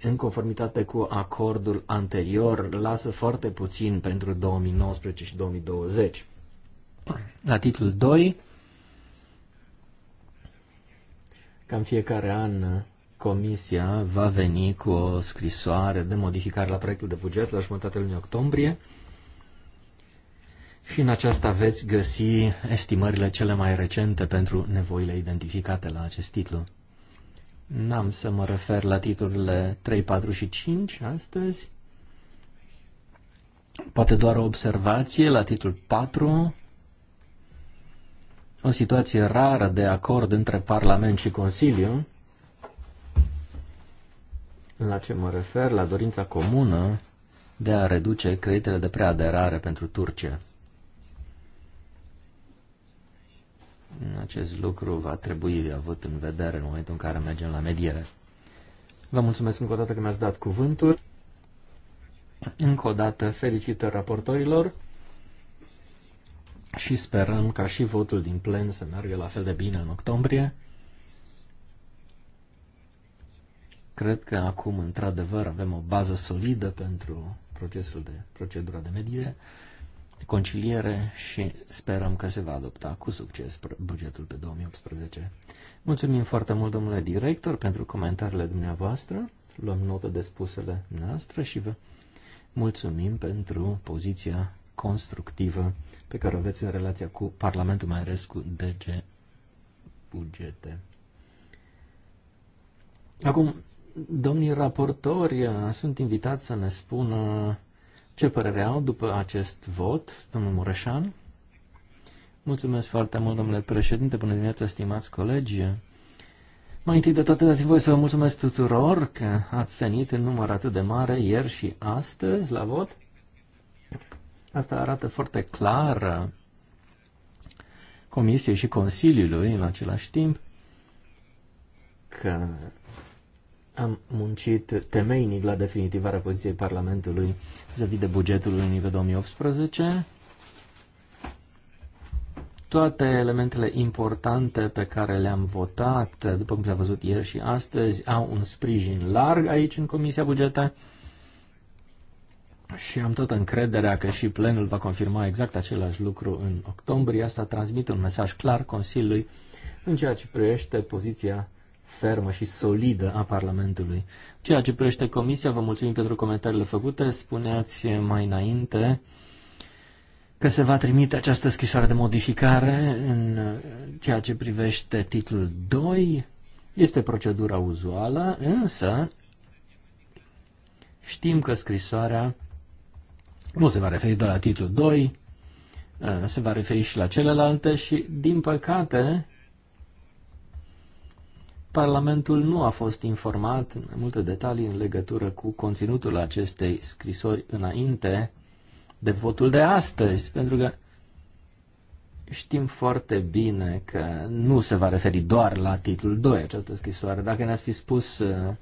în conformitate cu acordul anterior, lasă foarte puțin pentru 2019 și 2020. La titlul 2, cam fiecare an Comisia va veni cu o scrisoare de modificare la proiectul de buget la jumătatea lunii octombrie și în aceasta veți găsi estimările cele mai recente pentru nevoile identificate la acest titlu. N-am să mă refer la titlurile 3, 4 și 5 astăzi. Poate doar o observație la titlul 4 o situație rară de acord între Parlament și Consiliu. La ce mă refer? La dorința comună de a reduce creditele de preaderare pentru Turcia. Acest lucru va trebui avut în vedere în momentul în care mergem la mediere. Vă mulțumesc încă o dată că mi-ați dat cuvântul. Încă o dată felicitări raportorilor și sperăm ca și votul din plen să meargă la fel de bine în octombrie. Cred că acum, într-adevăr, avem o bază solidă pentru procesul de procedura de mediere, conciliere și sperăm că se va adopta cu succes bugetul pe 2018. Mulțumim foarte mult, domnule director, pentru comentariile dumneavoastră. Luăm notă de spusele noastre și vă mulțumim pentru poziția constructivă pe care o aveți în relația cu Parlamentul, mai ales cu DG Bugete. Acum, domnii raportori uh, sunt invitați să ne spună ce părere au după acest vot, domnul Mureșan. Mulțumesc foarte mult, domnule președinte. Bună dimineața, stimați colegi. Mai întâi de toate, dați voi să vă mulțumesc tuturor că ați venit în număr atât de mare ieri și astăzi la vot. Asta arată foarte clar Comisiei și Consiliului în același timp că am muncit temeinic la definitivarea poziției Parlamentului vis-a-vis de bugetul unic 2018. Toate elementele importante pe care le-am votat, după cum le-a văzut ieri și astăzi, au un sprijin larg aici în Comisia Bugetă și am tot încrederea că și plenul va confirma exact același lucru în octombrie. Asta transmite un mesaj clar Consiliului în ceea ce privește poziția fermă și solidă a Parlamentului. Ceea ce privește Comisia, vă mulțumim pentru comentariile făcute. Spuneați mai înainte că se va trimite această scrisoare de modificare în ceea ce privește titlul 2. Este procedura uzuală, însă știm că scrisoarea nu se va referi doar la titlul 2, uh, se va referi și la celelalte și, din păcate, Parlamentul nu a fost informat în multe detalii în legătură cu conținutul acestei scrisori înainte de votul de astăzi, pentru că știm foarte bine că nu se va referi doar la titlul 2 această scrisoare. Dacă ne-ați fi spus uh,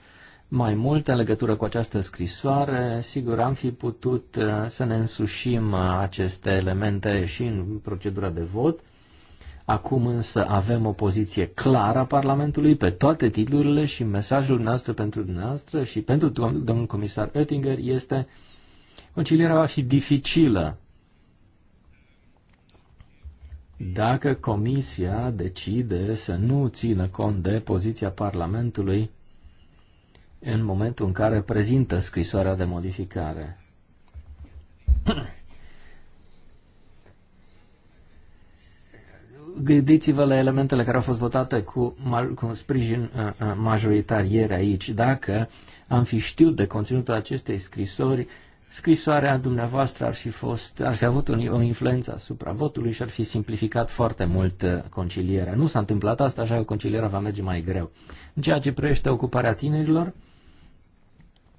mai multe în legătură cu această scrisoare. Sigur, am fi putut uh, să ne însușim uh, aceste elemente și în procedura de vot. Acum însă avem o poziție clară a Parlamentului pe toate titlurile și mesajul nostru pentru dumneavoastră și pentru domnul comisar Oettinger este concilierea va fi dificilă dacă comisia decide să nu țină cont de poziția Parlamentului în momentul în care prezintă scrisoarea de modificare. Gândiți-vă la elementele care au fost votate cu, cu sprijin uh, uh, majoritar ieri aici. Dacă am fi știut de conținutul acestei scrisori, scrisoarea dumneavoastră ar fi, fost, ar fi avut o influență asupra votului și ar fi simplificat foarte mult uh, concilierea. Nu s-a întâmplat asta, așa că concilierea va merge mai greu. În ceea ce privește ocuparea tinerilor,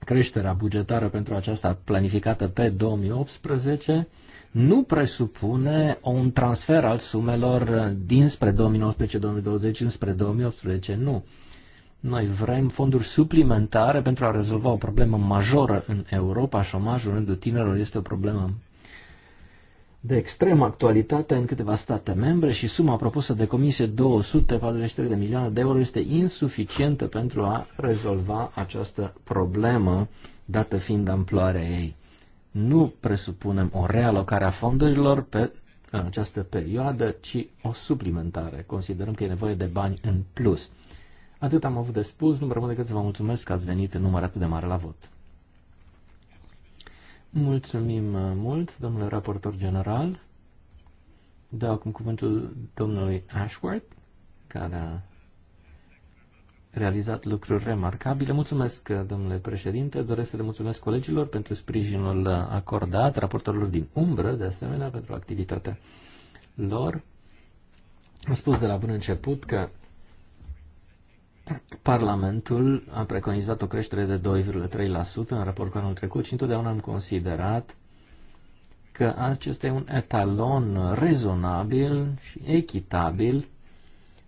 creșterea bugetară pentru aceasta planificată pe 2018 nu presupune un transfer al sumelor dinspre 2019-2020 înspre 2018, nu. Noi vrem fonduri suplimentare pentru a rezolva o problemă majoră în Europa. Șomajul rândul tinerilor este o problemă de extremă actualitate în câteva state membre și suma propusă de comisie 243 de milioane de euro este insuficientă pentru a rezolva această problemă, dată fiind amploarea ei. Nu presupunem o realocare a fondurilor pe în această perioadă, ci o suplimentare. Considerăm că e nevoie de bani în plus. Atât am avut de spus, nu rămâne decât să vă mulțumesc că ați venit în număr atât de mare la vot. Mulțumim uh, mult, domnule raportor general. Dau acum cuvântul domnului Ashworth, care a realizat lucruri remarcabile. Mulțumesc, uh, domnule președinte, doresc să le mulțumesc colegilor pentru sprijinul uh, acordat, raportorilor din umbră, de asemenea, pentru activitatea lor. Am spus de la bun început că Parlamentul a preconizat o creștere de 2,3% în raport cu anul trecut și întotdeauna am considerat că acesta e un etalon rezonabil și echitabil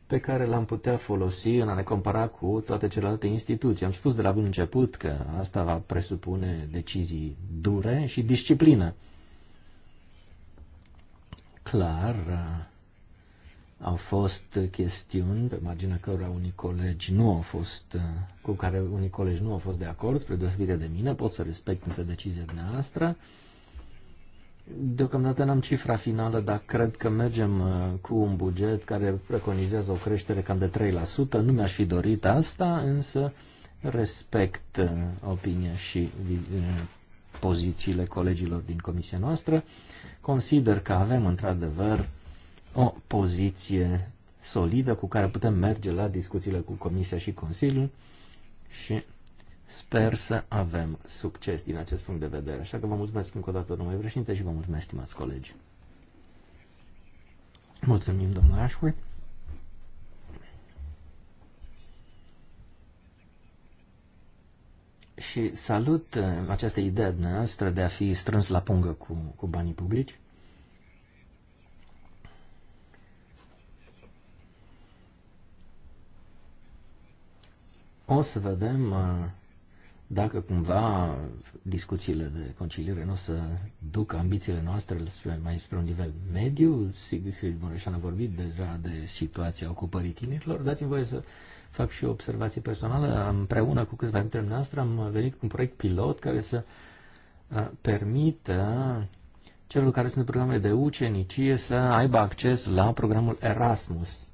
pe care l-am putea folosi în a ne compara cu toate celelalte instituții. Am spus de la bun început că asta va presupune decizii dure și disciplină. Clar, au fost uh, chestiuni pe marginea cărora unii colegi nu au fost, uh, cu care unii colegi nu au fost de acord, spre deosebire de mine, pot să respect însă decizia noastră. Deocamdată n-am cifra finală, dar cred că mergem uh, cu un buget care preconizează o creștere cam de 3%. Nu mi-aș fi dorit asta, însă respect opinia și pozițiile colegilor din comisia noastră. Consider că avem într-adevăr o poziție solidă cu care putem merge la discuțiile cu Comisia și Consiliul și sper să avem succes din acest punct de vedere. Așa că vă mulțumesc încă o dată, domnule președinte, și vă mulțumesc, stimați colegi. Mulțumim, domnule Ashworth. Și salut uh, această idee noastră de a fi strâns la pungă cu, cu banii publici. O să vedem uh, dacă cumva discuțiile de conciliere nu o să ducă ambițiile noastre spre, mai spre un nivel mediu. sigur Sigur Mureșan a vorbit deja de situația ocupării tinerilor. Dați-mi voie să fac și o observație personală. Împreună cu câțiva dintre noastre am venit cu un proiect pilot care să uh, permită celor care sunt în programe de ucenicie să aibă acces la programul Erasmus.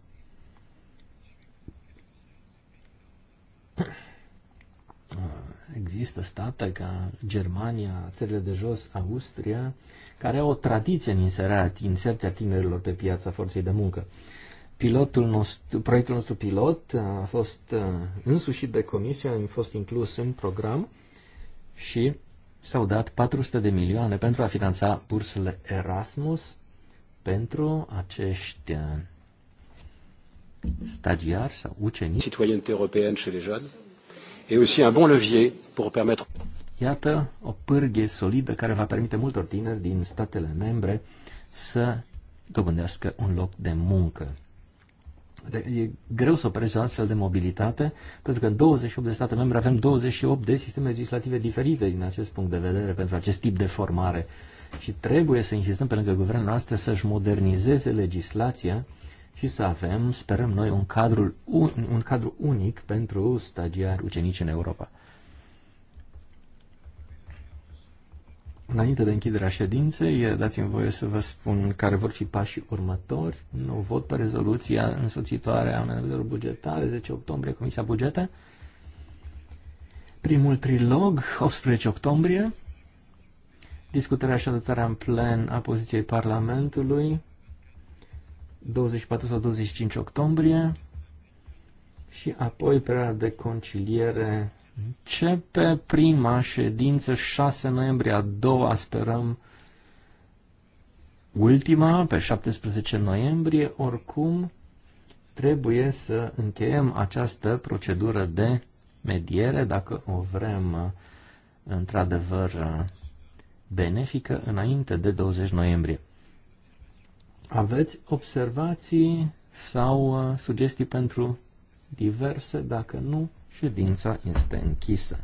Există state ca Germania, țările de jos, Austria, care au o tradiție în inserarea, inserția tinerilor pe piața forței de muncă. Pilotul nostru, proiectul nostru pilot a fost însușit de comisie, a fost inclus în program și s-au dat 400 de milioane pentru a finanța bursele Erasmus pentru acești stagiari sau ucenici. Citoyenneté européenne chez les jeunes et aussi un bon levier pour permettre Iată o pârghie solidă care va permite multor tineri din statele membre să dobândească un loc de muncă. E greu să operezi o astfel de mobilitate, pentru că în 28 de state membre avem 28 de sisteme legislative diferite din acest punct de vedere pentru acest tip de formare. Și trebuie să insistăm pe lângă guvernul noastre să-și modernizeze legislația și să avem, sperăm noi, un, cadrul, un, un cadru unic pentru stagiari ucenici în Europa. Înainte de închiderea ședinței, dați-mi voie să vă spun care vor fi pașii următori. Nu vot pe rezoluția însoțitoare a amenajelor bugetare, 10 octombrie, Comisia Bugete. Primul trilog, 18 octombrie. Discutarea și adoptarea în plen a poziției Parlamentului, 24 sau 25 octombrie și apoi prea de conciliere începe prima ședință 6 noiembrie, a doua sperăm ultima pe 17 noiembrie, oricum trebuie să încheiem această procedură de mediere dacă o vrem într-adevăr benefică înainte de 20 noiembrie. Aveți observații sau uh, sugestii pentru diverse? Dacă nu, ședința este închisă.